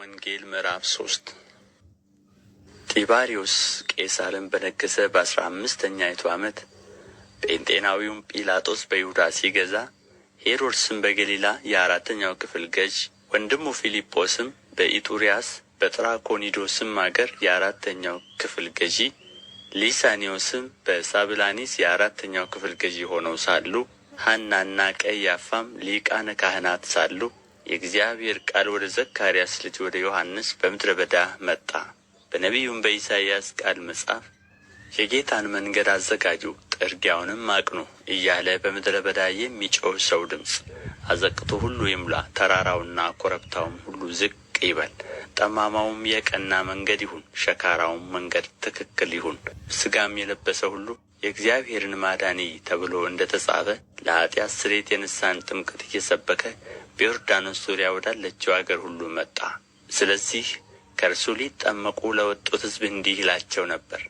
ወንጌል ምዕራፍ 3 ጢባሪዮስ ቄሳርን በነገሠ በአስራ አምስተኛይቱ ዓመት ጴንጤናዊውም ጲላጦስ በይሁዳ ሲገዛ፣ ሄሮድስም በገሊላ የአራተኛው ክፍል ገዥ፣ ወንድሙ ፊልጶስም በኢጡርያስ በጥራኮኒዶስም አገር የአራተኛው ክፍል ገዢ፣ ሊሳኒዮስም በሳብላኒስ የአራተኛው ክፍል ገዢ ሆነው ሳሉ፣ ሐናና ቀያፋም ሊቃነ ካህናት ሳሉ የእግዚአብሔር ቃል ወደ ዘካርያስ ልጅ ወደ ዮሐንስ በምድረ በዳ መጣ። በነቢዩም በኢሳይያስ ቃል መጽሐፍ የጌታን መንገድ አዘጋጁ፣ ጥርጊያውንም አቅኑ እያለ በምድረ በዳ የሚጮህ ሰው ድምፅ፣ አዘቅቱ ሁሉ ይሙላ፣ ተራራውና ኮረብታውም ሁሉ ዝግ ይበል። ጠማማውም የቀና መንገድ ይሁን፣ ሸካራውም መንገድ ትክክል ይሁን። ሥጋም የለበሰ ሁሉ የእግዚአብሔርን ማዳኒ ተብሎ እንደ ተጻፈ ለኃጢአት ስርየት የንስሐን ጥምቀት እየሰበከ በዮርዳኖስ ዙሪያ ወዳለችው አገር ሁሉ መጣ። ስለዚህ ከእርሱ ሊጠመቁ ለወጡት ሕዝብ እንዲህ ይላቸው ነበር፣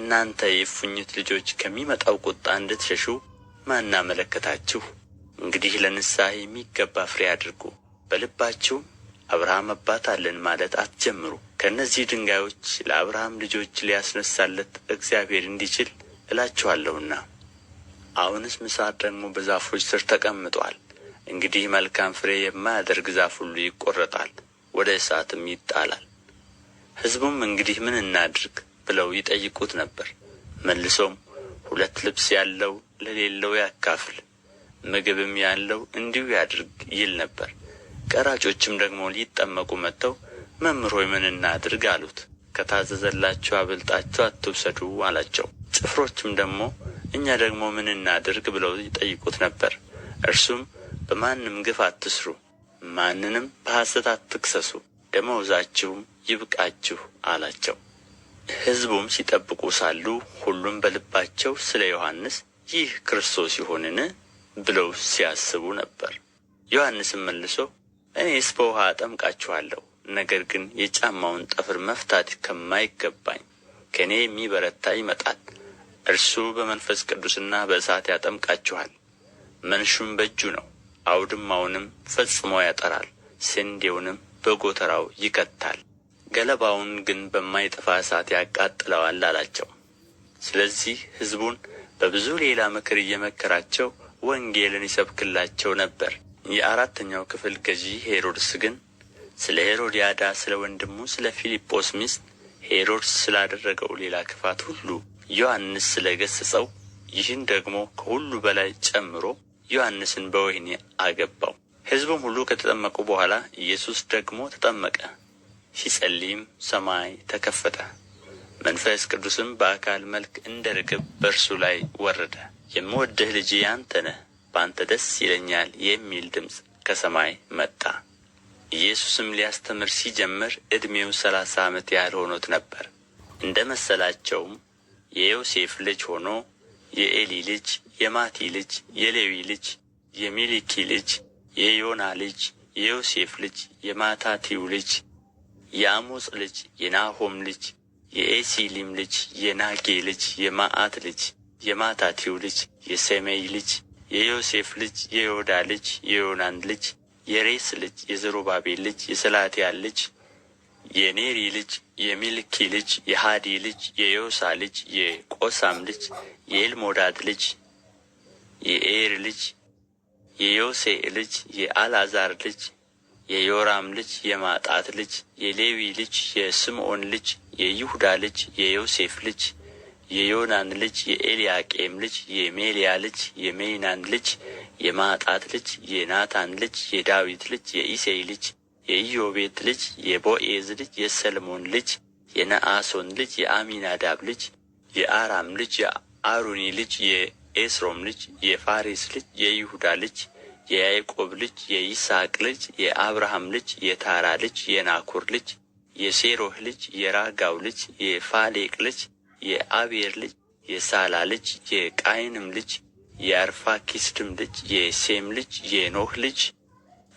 እናንተ የእፉኝት ልጆች ከሚመጣው ቁጣ እንድትሸሹ ማን አመለከታችሁ? እንግዲህ ለንስሐ የሚገባ ፍሬ አድርጉ፣ በልባችሁም አብርሃም አባት አለን ማለት አትጀምሩ ከእነዚህ ድንጋዮች ለአብርሃም ልጆች ሊያስነሳለት እግዚአብሔር እንዲችል እላችኋለሁና አሁንስ ምሳር ደግሞ በዛፎች ስር ተቀምጧል። እንግዲህ መልካም ፍሬ የማያደርግ ዛፍ ሁሉ ይቆረጣል። ወደ እሳትም ይጣላል ሕዝቡም እንግዲህ ምን እናድርግ ብለው ይጠይቁት ነበር መልሶም ሁለት ልብስ ያለው ለሌለው ያካፍል ምግብም ያለው እንዲሁ ያድርግ ይል ነበር ቀራጮችም ደግሞ ሊጠመቁ መጥተው መምህር ሆይ ምን እናድርግ አሉት ከታዘዘላችሁ አብልጣችሁ አትውሰዱ አላቸው ጭፍሮችም ደግሞ እኛ ደግሞ ምን እናድርግ ብለው ይጠይቁት ነበር እርሱም በማንም ግፍ አትስሩ ማንንም በሐሰት አትክሰሱ ደመወዛችሁም ይብቃችሁ አላቸው ሕዝቡም ሲጠብቁ ሳሉ ሁሉም በልባቸው ስለ ዮሐንስ ይህ ክርስቶስ ይሆንን ብለው ሲያስቡ ነበር ዮሐንስም መልሶ እኔስ በውሃ አጠምቃችኋለሁ ነገር ግን የጫማውን ጠፍር መፍታት ከማይገባኝ ከእኔ የሚበረታ ይመጣል እርሱ በመንፈስ ቅዱስና በእሳት ያጠምቃችኋል መንሹም በእጁ ነው አውድማውንም ፈጽሞ ያጠራል ስንዴውንም በጎተራው ይከታል ገለባውን ግን በማይጠፋ እሳት ያቃጥለዋል አላቸው ስለዚህ ሕዝቡን በብዙ ሌላ ምክር እየመከራቸው ወንጌልን ይሰብክላቸው ነበር የአራተኛው ክፍል ገዢ ሄሮድስ ግን ስለ ሄሮድያዳ ስለ ወንድሙ ስለ ፊልጶስ ሚስት ሄሮድስ ስላደረገው ሌላ ክፋት ሁሉ ዮሐንስ ስለ ገሠጸው ይህን ደግሞ ከሁሉ በላይ ጨምሮ ዮሐንስን በወህኒ አገባው። ሕዝቡም ሁሉ ከተጠመቁ በኋላ ኢየሱስ ደግሞ ተጠመቀ። ሲጸልይም ሰማይ ተከፈተ፣ መንፈስ ቅዱስም በአካል መልክ እንደ ርግብ በእርሱ ላይ ወረደ። የምወድህ ልጄ አንተ ነህ በአንተ ደስ ይለኛል የሚል ድምፅ ከሰማይ መጣ። ኢየሱስም ሊያስተምር ሲጀምር ዕድሜው ሰላሳ ዓመት ያህል ሆኖት ነበር። እንደ መሰላቸውም የዮሴፍ ልጅ ሆኖ የኤሊ ልጅ፣ የማቲ ልጅ፣ የሌዊ ልጅ፣ የሚሊኪ ልጅ፣ የዮና ልጅ፣ የዮሴፍ ልጅ፣ የማታቲው ልጅ፣ የአሞጽ ልጅ፣ የናሆም ልጅ፣ የኤሲሊም ልጅ፣ የናጌ ልጅ፣ የማአት ልጅ፣ የማታቲው ልጅ፣ የሰሜይ ልጅ የዮሴፍ ልጅ የዮዳ ልጅ የዮናን ልጅ የሬስ ልጅ የዘሩባቤል ልጅ የሰላትያል ልጅ የኔሪ ልጅ የሚልኪ ልጅ የሃዲ ልጅ የዮሳ ልጅ የቆሳም ልጅ የኤልሞዳድ ልጅ የኤር ልጅ የዮሴ ልጅ የአልዓዛር ልጅ የዮራም ልጅ የማጣት ልጅ የሌዊ ልጅ የስምዖን ልጅ የይሁዳ ልጅ የዮሴፍ ልጅ የዮናን ልጅ የኤልያቄም ልጅ የሜልያ ልጅ የሜይናን ልጅ የማጣት ልጅ የናታን ልጅ የዳዊት ልጅ የኢሴይ ልጅ የኢዮቤት ልጅ የቦኤዝ ልጅ የሰልሞን ልጅ የነአሶን ልጅ የአሚናዳብ ልጅ የአራም ልጅ የአሩኒ ልጅ የኤስሮም ልጅ የፋሬስ ልጅ የይሁዳ ልጅ የያዕቆብ ልጅ የይስሐቅ ልጅ የአብርሃም ልጅ የታራ ልጅ የናኩር ልጅ የሴሮህ ልጅ የራጋው ልጅ የፋሌቅ ልጅ የአብየር ልጅ የሳላ ልጅ የቃይንም ልጅ የአርፋኪስድም ልጅ የሴም ልጅ የኖህ ልጅ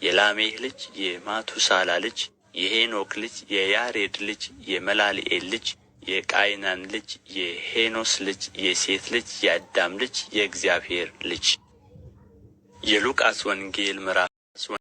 የላሜህ ልጅ የማቱሳላ ልጅ የሄኖክ ልጅ የያሬድ ልጅ የመላልኤል ልጅ የቃይናን ልጅ የሄኖስ ልጅ የሴት ልጅ የአዳም ልጅ የእግዚአብሔር ልጅ የሉቃስ ወንጌል ምራ